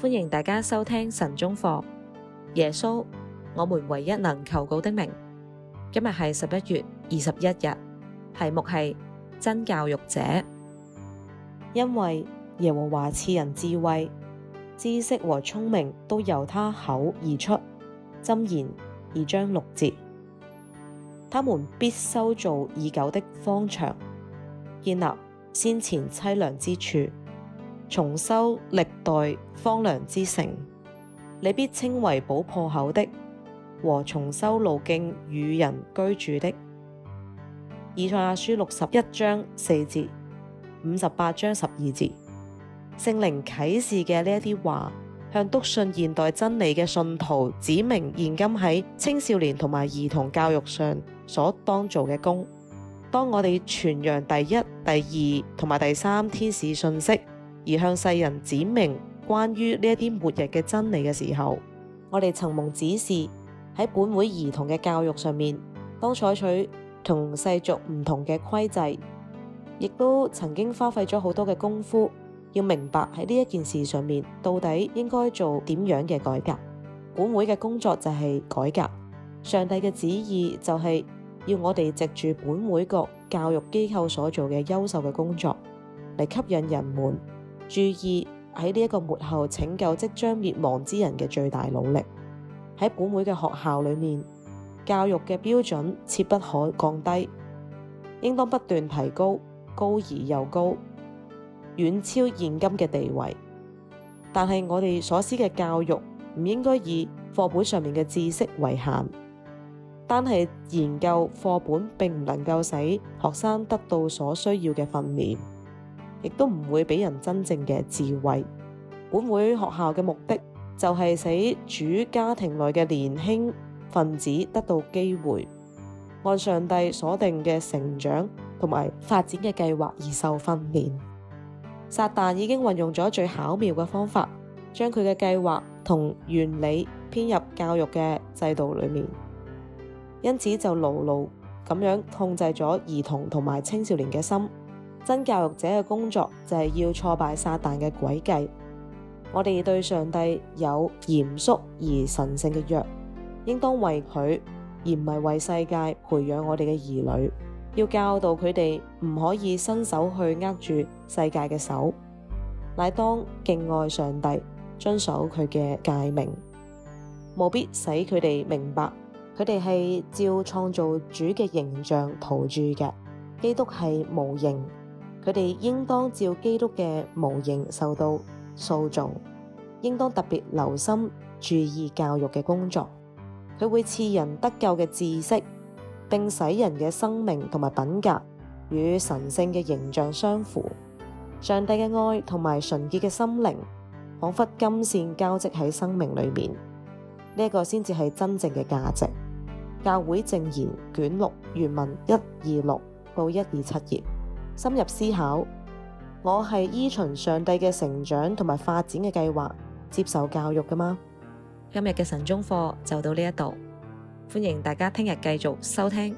歡迎大家收聽晨鐘課。耶穌，我們唯一能求告的名。今日係十一月二十一日，題目係真教育者。因為耶和華賜人智慧、知識和聰明，都由他口而出。箴言二章六節，他們必修造已久的荒場，建立先前凄涼之處。重修歷代荒涼之城，你必稱為補破口的，和重修路徑與人居住的。以賽亞書六十一章四節、五十八章十二節。聖靈啟示嘅呢一啲話，向篤信現代真理嘅信徒指明，現今喺青少年同埋兒童教育上所當做嘅工。當我哋傳揚第一、第二同埋第三天使信息。而向世人展明關於呢一啲末日嘅真理嘅時候，我哋曾蒙指示喺本會兒童嘅教育上面，當採取同世俗唔同嘅規制，亦都曾經花費咗好多嘅功夫，要明白喺呢一件事上面到底應該做點樣嘅改革。本會嘅工作就係改革，上帝嘅旨意就係要我哋藉住本會各教育機構所做嘅優秀嘅工作嚟吸引人們。注意喺呢一個末後拯救即將滅亡之人嘅最大努力。喺本會嘅學校裏面，教育嘅標準切不可降低，應當不斷提高，高而又高，遠超現今嘅地位。但係我哋所施嘅教育唔應該以課本上面嘅知識為限，單係研究課本並唔能夠使學生得到所需要嘅訓練。亦都唔會俾人真正嘅智慧。本會學校嘅目的就係使主家庭內嘅年輕分子得到機會，按上帝所定嘅成長同埋發展嘅計劃而受訓練。撒旦已經運用咗最巧妙嘅方法，將佢嘅計劃同原理編入教育嘅制度裡面，因此就牢牢咁樣控制咗兒童同埋青少年嘅心。真教育者嘅工作就係要挫敗撒旦嘅詭計。我哋對上帝有嚴肅而神聖嘅約，應當為佢而唔係為世界培養我哋嘅兒女，要教導佢哋唔可以伸手去握住世界嘅手，乃當敬愛上帝，遵守佢嘅誡命，務必使佢哋明白佢哋係照創造主嘅形象陶鑄嘅。基督係無形。佢哋應當照基督嘅模型受到塑造，應當特別留心注意教育嘅工作。佢會賜人得救嘅知識，並使人嘅生命同埋品格與神聖嘅形象相符。上帝嘅愛同埋純潔嘅心靈，仿佛金線交織喺生命裡面，呢、這、一個先至係真正嘅價值。教會證言卷六原文一二六到一二七頁。深入思考，我係依循上帝嘅成長同埋發展嘅計劃接受教育噶嘛？今日嘅晨鐘課就到呢一度，歡迎大家聽日繼續收聽。